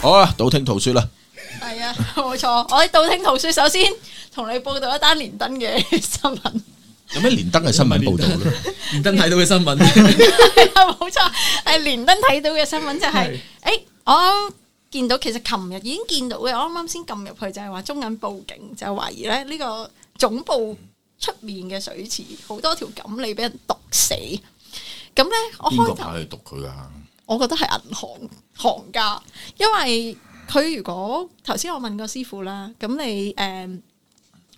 好、哦、啊，道聽途說啦，係啊，冇錯。我喺道聽途說， 首先同你報道一單連登嘅新聞。有 咩 連登嘅新聞報道？連登睇到嘅新聞，冇 錯、啊，係連登睇到嘅新聞就係、是，誒 是、欸，我見到其實琴日已經見到嘅，我啱啱先撳入去就係話中銀報警，就懷疑咧呢、這個總部出面嘅水池好多條錦鯉俾人毒死。咁咧，我邊個去毒佢啊？ 我覺得係銀行行家，因為佢如果頭先我問個師傅啦，咁你誒、嗯、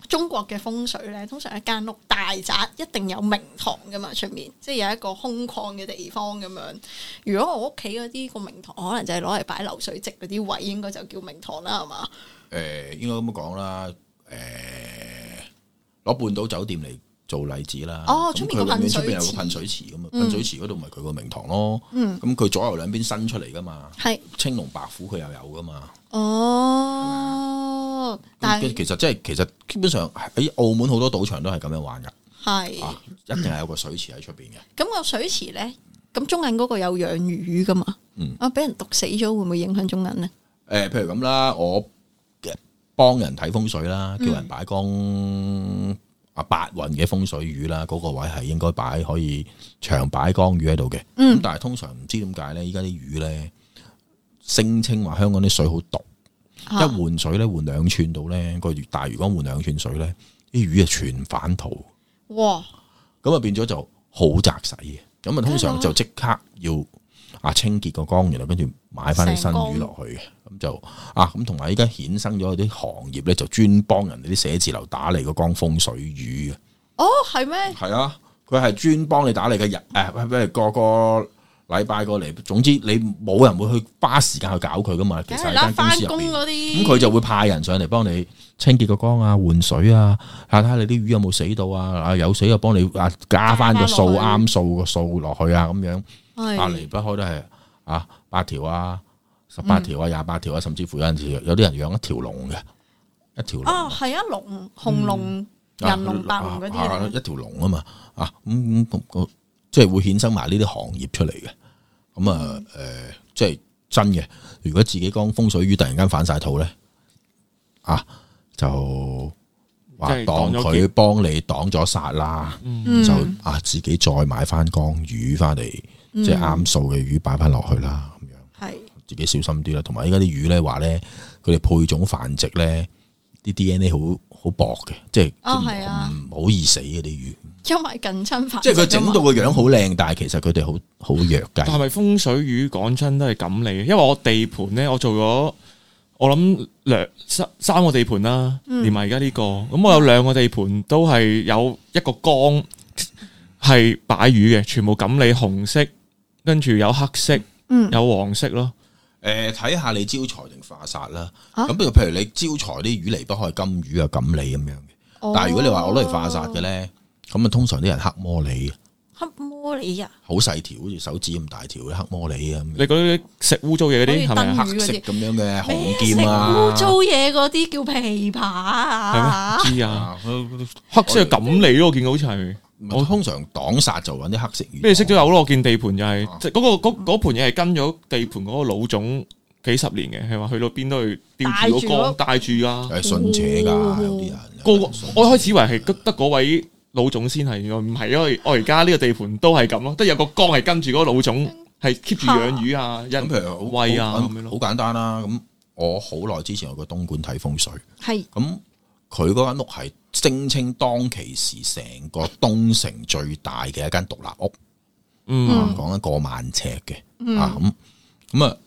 中國嘅風水咧，通常一間屋大宅一定有明堂噶嘛，出面即係有一個空曠嘅地方咁樣。如果我屋企嗰啲個明堂，可能就係攞嚟擺流水席嗰啲位，應該就叫明堂啦，係嘛？誒、呃，應該咁講啦，誒、呃，攞半島酒店嚟。做例子啦，佢出邊有個噴水池噶嘛。噴水池嗰度咪佢個名堂咯。咁佢左右兩邊伸出嚟噶嘛，青龍白虎佢又有噶嘛。哦，但係其實即係其實基本上喺澳門好多賭場都係咁樣玩噶，係一定係有個水池喺出邊嘅。咁個水池咧，咁中銀嗰個有養魚噶嘛？啊，俾人毒死咗會唔會影響中銀咧？誒，譬如咁啦，我幫人睇風水啦，叫人擺供。啊，白雲嘅風水魚啦，嗰、那個位係應該擺可以長擺缸魚喺度嘅。咁、嗯、但係通常唔知點解咧，依家啲魚咧聲稱話香港啲水好毒，啊、一換水咧換兩寸度咧個月，但係如果換兩寸水咧，啲魚啊全反肚。哇！咁啊變咗就好扎洗，嘅，咁啊通常就即刻要。啊啊！清潔個缸，然後跟住買翻啲新魚落去嘅，咁就公啊，咁同埋依家衍生咗啲行業咧，就專幫人哋啲寫字樓打理個缸風水魚嘅。哦，係咩？係啊，佢係專幫你打理嘅人，誒、啊，不如個個禮拜過嚟，總之你冇人會去花時間去搞佢噶嘛。其實間公司入面嗰啲，咁佢就會派人上嚟幫你清潔個缸啊，換水啊，吓睇下你啲魚有冇死到啊，有死就幫你啊加翻個數，啱數個數落去啊，咁樣。啊，離不開都係啊，八條啊，十八條啊，廿八條啊，嗯、甚至乎有陣時有啲人養一條龍嘅，一條啊，係、嗯、龍啊，龍，紅龍銀龍白龍嗰啲，一條龍啊嘛，啊咁咁、嗯嗯嗯、即係會衍生埋呢啲行業出嚟嘅。咁、嗯嗯、啊，誒，即係真嘅，如果自己缸風水魚突然間反晒肚咧，啊，就話當佢幫你擋咗煞啦，就啊，自己再買翻缸魚翻嚟。嗯、即係啱數嘅魚擺翻落去啦，咁樣、嗯，自己小心啲啦。同埋依家啲魚咧，話咧佢哋配種繁殖咧，啲 D N A 好好薄嘅，哦、即係唔好易死嘅啲魚。啊、因為近親繁殖，即係佢整到個樣好靚，但係其實佢哋好好弱㗎。但係風水魚講真都係錦鯉，因為我地盤咧，我做咗我諗兩三三個地盤啦，連埋而家呢個，咁我有兩個地盤都係有一個缸係擺魚嘅，全部錦鯉紅色。跟住有黑色，嗯，有黃色咯。誒、呃，睇下你招財定化煞啦。咁不如譬如你招財啲魚離唔開金魚啊，錦鯉咁樣嘅。哦、但係如果你話我都係化煞嘅咧，咁啊通常啲人黑摩利、啊，黑摩利是是黑啊，好細條，好似手指咁大條嘅黑摩利咁。你嗰啲食污糟嘢嗰啲係咪黑色咁樣嘅紅劍啊？污糟嘢嗰啲叫琵琶啊？知啊，黑色嘅錦鯉咯，見 到好似係。我通常擋煞就搵啲黑色魚，咩色都有咯。我見地盤就係，即係嗰個嗰盤嘢，係跟咗地盤嗰個老總幾十年嘅，係嘛？去到邊都去吊住個缸，帶住啊，順扯噶啲人。我我開始以為係得嗰位老總先係，唔係，因為我而家呢個地盤都係咁咯，得有個缸係跟住嗰個老總係 keep 住養魚啊，咁譬如喂啊咁樣好簡單啦。咁我好耐之前去過東莞睇風水，係咁。佢嗰間屋係聲稱當其時成個東城最大嘅一間獨立屋，嗯，講咗過萬尺嘅，嗯啊，啊，咁咁啊，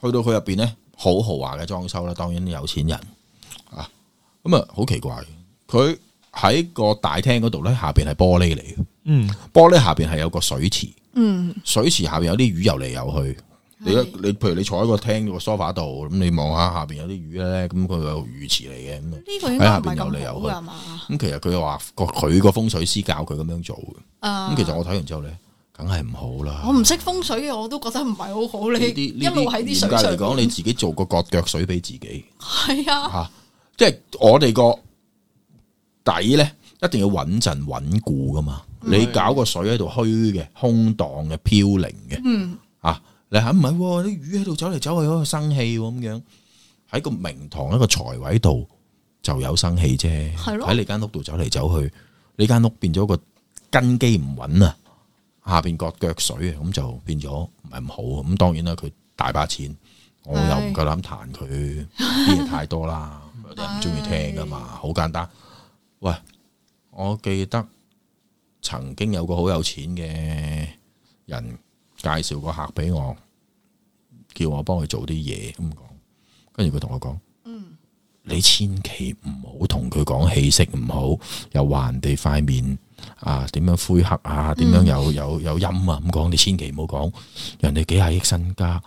去到佢入邊咧，好豪華嘅裝修啦，當然啲有錢人啊，咁啊，好奇怪佢喺個大廳嗰度咧，下邊係玻璃嚟嘅，嗯，玻璃下邊係有個水池，嗯，水池下邊有啲魚游嚟游去。你你，譬如你坐喺個廳個梳化度，咁你望下下邊有啲魚咧，咁佢有魚池嚟嘅，咁喺下邊游嚟游去。咁其實佢話個佢個風水師教佢咁樣做嘅。咁、啊、其實我睇完之後咧，梗係唔好啦。我唔識風水嘅，我都覺得唔係好好。些你一路喺啲點解嚟講，你，你自己做個割腳水俾自己。係、嗯、啊、吓、啊，即係我哋個底咧，一定要穩陣穩固噶嘛。的的你搞個水喺度虛嘅、空蕩嘅、飄零嘅，嗯你係唔係啲魚喺度走嚟走去，生氣咁樣喺個明堂一個財位度就有生氣啫。喺你間屋度走嚟走去，呢間屋變咗個根基唔穩啊，下邊割腳水啊，咁就變咗唔係咁好。咁當然啦，佢大把錢，我又唔夠膽彈佢，啲嘢太多啦，又唔中意聽噶嘛，好簡單。喂，我記得曾經有個好有錢嘅人。介紹個客俾我，叫我幫佢做啲嘢咁講，跟住佢同我講，嗯你、啊啊，你千祈唔好同佢講氣色唔好，又話人哋塊面啊，點樣灰黑啊，點樣有有有陰啊咁講，你千祈唔好講。人哋幾廿億身家，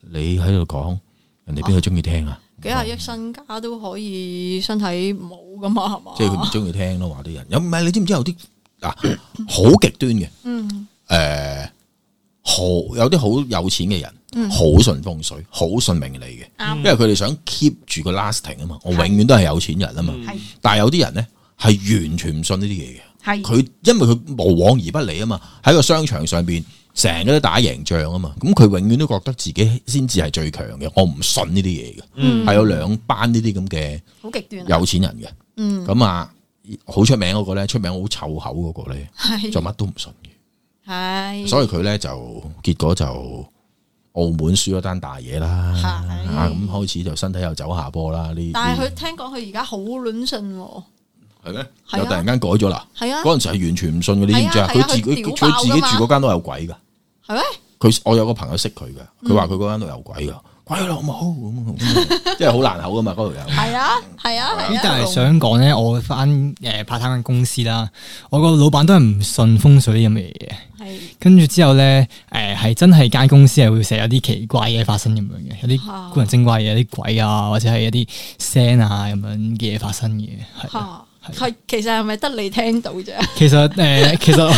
你喺度講，人哋邊個中意聽啊？啊說幾廿億身家都可以身體唔好噶嘛，係嘛，啊？啊，即係佢唔中意聽咯，話啲人有唔係？你知唔知有啲嗱好極端嘅？嗯，誒、呃。好有啲好有錢嘅人，好信風水，好信命嚟嘅，因為佢哋想 keep 住個 lasting 啊嘛，我永遠都係有錢人啊嘛。但係有啲人咧，係完全唔信呢啲嘢嘅。佢因為佢無往而不利啊嘛，喺個商場上邊成日都打贏仗啊嘛，咁佢永遠都覺得自己先至係最強嘅。我唔信呢啲嘢嘅，係有兩班呢啲咁嘅好極端有錢人嘅。嗯，咁啊，好出名嗰個咧，出名好臭口嗰個咧，做乜都唔信嘅。係，是所以佢咧就結果就澳門輸咗單大嘢啦，咁是、啊嗯、開始就身體又走下坡啦。呢但係佢聽講佢而家好卵信、哦，係咩嗎？又、啊、突然間改咗啦，係啊！嗰陣時係完全唔信嘅、啊、你知唔知，佢、啊啊、自己佢自己住嗰間都有鬼噶，係咩嗎？佢我有個朋友識佢嘅，佢話佢嗰間都有鬼噶。嗯鬼佬冇，即係好難口噶 嘛？嗰度有係啊，係啊，係、啊啊、但係想講咧，我翻誒 part time 間公司啦，我個老闆都係唔信風水咁嘅嘢。係是跟住之後咧，誒係真係間公司係會成日有啲奇怪嘢發生咁樣嘅，有啲古人精怪，嘢，有啲鬼啊，或者係一啲聲啊咁樣嘅嘢發生嘅。係、啊啊、其實係咪得你聽到啫？其實誒，其實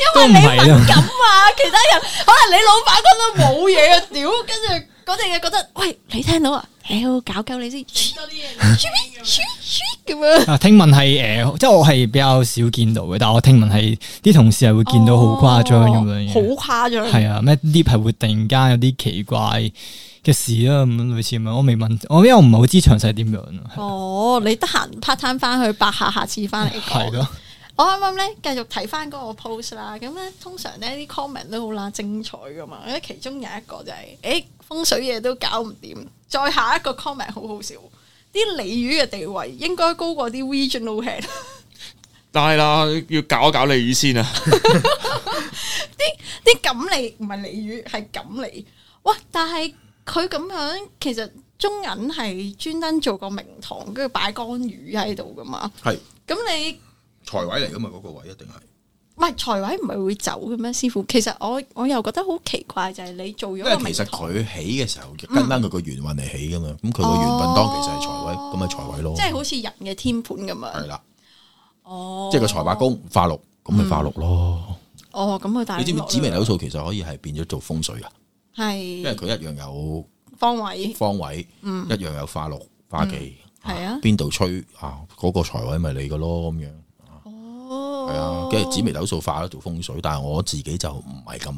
因為你敏感啊， 其他人可能你老闆根本冇嘢啊，屌，跟住。我淨係覺得，喂，你聽到啊？屌、哎，搞夠你先，咁樣。啊， 聽聞係誒，即係我係比較少見到嘅，但係我聽聞係啲同事係會見到好誇張咁樣，好誇張。係啊、哦，咩 lift 係會突然間有啲奇怪嘅事啊，咁類似啊，我未問，我因為我唔係好知詳細點樣哦，你得閒 part time 翻去八下，下次翻嚟講。嗯我啱啱咧繼續睇翻嗰個 post 啦，咁咧通常咧啲 comment 都好啦精彩噶嘛，咁其中有一個就係，誒風水嘢，都搞唔掂。再下一個 comment 好好笑，啲鯉魚嘅地位應該高過啲 Regional Head。但係啦，要搞一搞鯉魚先啊！啲啲錦鯉唔係鯉魚，係錦鯉。哇！但係佢咁樣，其實中銀係專登做個名堂，跟住擺江魚喺度噶嘛。係，咁你。財位嚟噶嘛？嗰個位一定係，唔係財位唔係會走嘅咩？師傅，其實我我又覺得好奇怪，就係你做咗。因為其實佢起嘅時候，跟翻佢個元運嚟起噶嘛。咁佢個元分運當其實係財位，咁咪財位咯。即係好似人嘅天盤咁啊。係啦，哦，即係個財帛宮、化祿，咁咪化祿咯。哦，咁佢但你知唔知紫微斗數其實可以係變咗做風水啊？係，因為佢一樣有方位，方位，一樣有化祿、化忌，係啊，邊度吹啊，嗰個財位咪你個咯，咁樣。係啊，跟住、哦、紫微斗數化咗做風水，但係我自己就唔係咁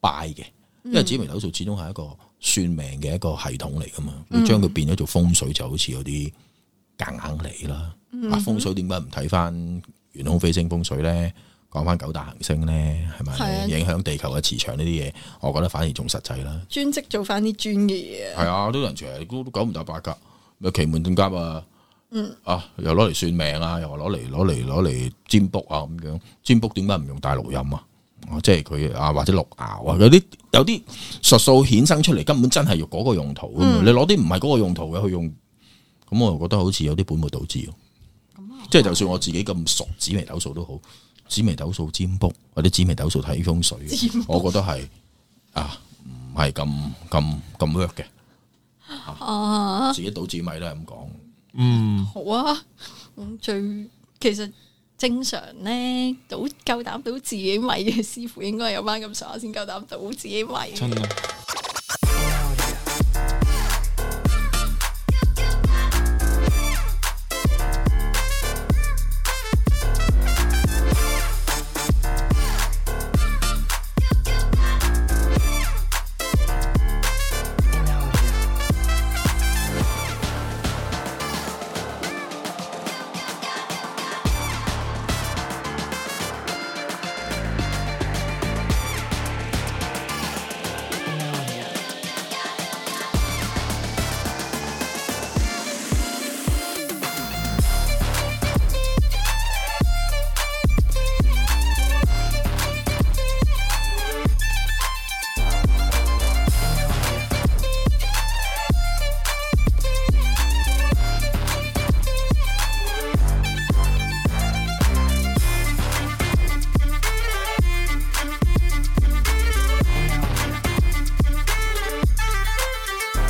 拜嘅，嗯、因為紫微斗數始終係一個算命嘅一個系統嚟噶嘛，嗯、你將佢變咗做風水就好似有啲夾硬嚟啦。嗯、啊，風水點解唔睇翻元空飛星風水咧？講翻九大行星咧，係咪、啊、影響地球嘅磁場呢啲嘢？我覺得反而仲實際啦。專職做翻啲專業嘢，係啊，都人成日都講九唔搭八，咩奇門遁甲啊？嗯，啊，又攞嚟算命啊，又話攞嚟攞嚟攞嚟占卜啊咁樣，占卜點解唔用大六壬啊？即係佢啊，或者六爻啊，有啲有啲術數衍生出嚟，根本真係用嗰個用途、嗯。你攞啲唔係嗰個用途嘅去用，咁、嗯、我又覺得好似有啲本末倒置咯、啊。即係就算我自己咁熟紫微斗數都好，紫微斗數占卜或者紫微斗數睇風水，薄我覺得係啊，唔係咁咁咁 work 嘅。啊啊、自己倒置咪都係咁講。嗯，好啊。咁、嗯、最其實正常咧，倒夠膽倒自己米嘅師傅，應該有班咁傻先夠膽倒自己米。